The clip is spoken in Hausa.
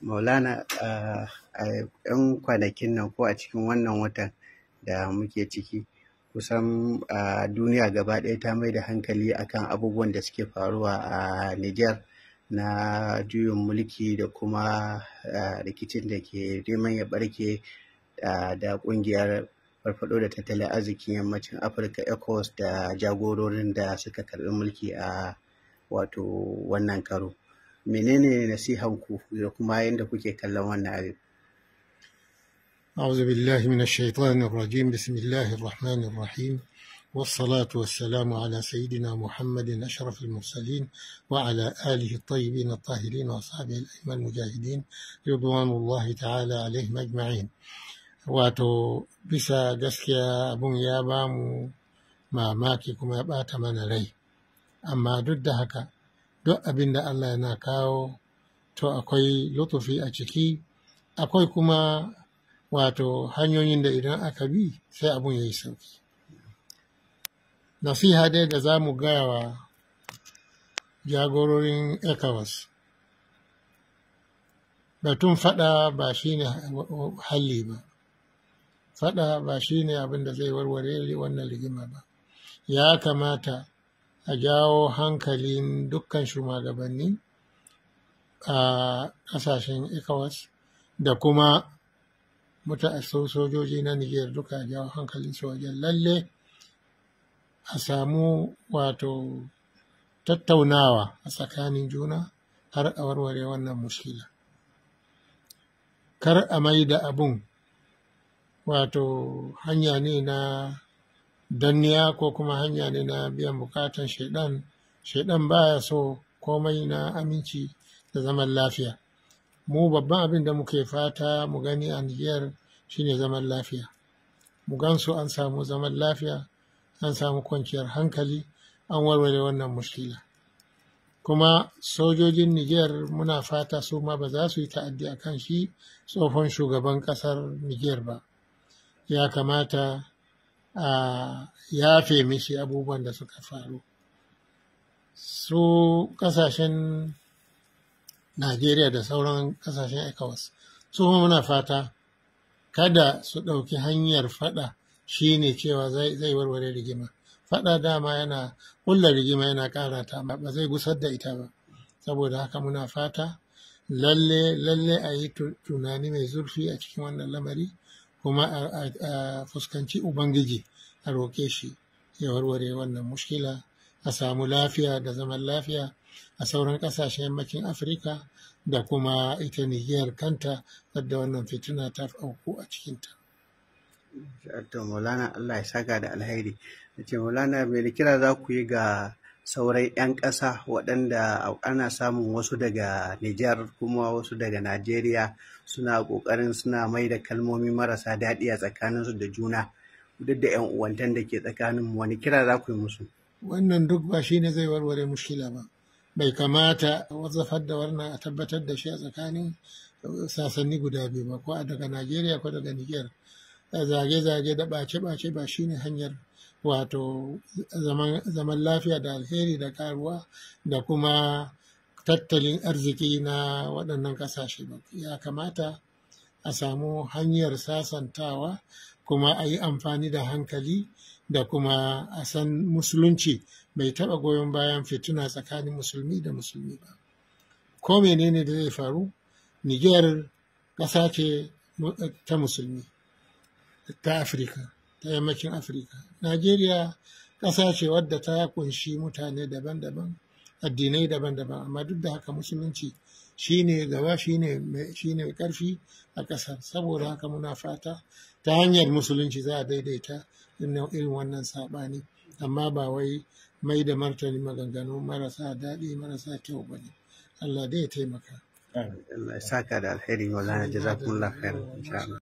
Maulana a yan kwanakin nan ko a cikin wannan watan da muke ciki kusan duniya gaba ɗaya ta mai da hankali akan abubuwan da suke faruwa a Niger na juyin mulki da kuma rikicin da ke neman ya barke da ƙungiyar farfaɗo da tattalin arzikin yammacin afirka ecos da jagororin da suka karɓi mulki a wato wannan karo menene nasihan ku da kuma yanda kuke kallon wannan abin أعوذ بالله من الشيطان الرجيم بسم الله الرحمن الرحيم والصلاة والسلام على سيدنا محمد أشرف المرسلين وعلى آله الطيبين الطاهرين وأصحابه الأئمة المجاهدين رضوان الله تعالى عليهم أجمعين wato bisa gaskiya abun ya ba mu mamaki kuma ya ɓata mana rai amma duk da haka duk abin da Allah yana kawo to akwai lutufi a ciki akwai kuma wato hanyoyin da idan aka bi sai abun ya yi sauki nasiha dai da za mu gaya wa jagororin ECOWAS batun fada ba shi halli ba fada ba shine ne abin da zai warware wannan rigima ba ya kamata a jawo hankalin dukkan shugabanni a ƙasashen ecowas da kuma mutaassau sojoji na niger duka a jawo hankalin su wajen lalle a samu wato tattaunawa a tsakanin juna har a warware wannan muskila kar a mai da abun wato hanya ne na danniya ko kuma hanya ne na biyan bukatan shaidan shaidan baya so komai na aminci da zaman lafiya mu babban abin da muke fata mu gani a nijiyar shine zaman lafiya mu gansu an samu zaman lafiya an samu kwanciyar hankali an warware wannan mushkila kuma sojojin nijiyar muna fata su ma ba za su yi ta'addi a kan shi tsohon shugaban kasar nijiyar ba ya kamata a yafe mishi abubuwan da suka faru su kasashen najeriya da sauran kasashen ecowas su muna fata kada su ɗauki hanyar faɗa shi ne cewa zai warware rigima faɗa dama yana ƙulla rigima yana ƙara ta ba zai gusar da ita ba saboda haka muna fata lalle lalle a yi tunani mai zurfi a cikin wannan lamari kuma a fuskanci ubangiji a roke shi ya warware wannan mushkila a samu lafiya da zaman lafiya a sauran ƙasashen yammacin afirka da kuma ita niyyar kanta wadda wannan fituna ta auku a cikinta to maulana allah ya saka da alheri ce maulana mai kira za ku yi ga saurai 'yan ƙasa waɗanda ana samun wasu daga Nijar kuma wasu daga Najeriya suna ƙoƙarin suna mai da kalmomi marasa daɗi a tsakaninsu da juna duk da 'yan uwantan da ke tsakanin wani kira za ku yi musu. Wannan duk ba shi ne zai warware mushkila ba. Bai kamata wazafar da wannan a tabbatar da shi a tsakanin sasanni guda biyu ba ko daga Najeriya ko daga Nijar. Zage-zage da ɓace-ɓace ba shi ne hanyar wato zaman lafiya da alheri da karuwa da kuma tattalin arziki na waɗannan ƙasashe ya kamata a samu hanyar sasantawa kuma a yi amfani da hankali da kuma a san musulunci bai taɓa goyon bayan fituna tsakanin musulmi da musulmi ba ko menene da zai faru niger ƙasa ce ta musulmi ta afirka ta yammacin afirka najeriya ƙasa ce wadda ta kunshi mutane daban-daban addinai daban-daban amma duk da haka musulunci shi ne gaba shi ne karfi a ƙasar saboda haka muna fata ta hanyar musulunci za a daidaita irin wannan saɓani amma ba wai mai da martani maganganu marasa daɗi marasa kyau ba ne allah dai ya taimaka Allah saka da alheri wa lana insha'Allah.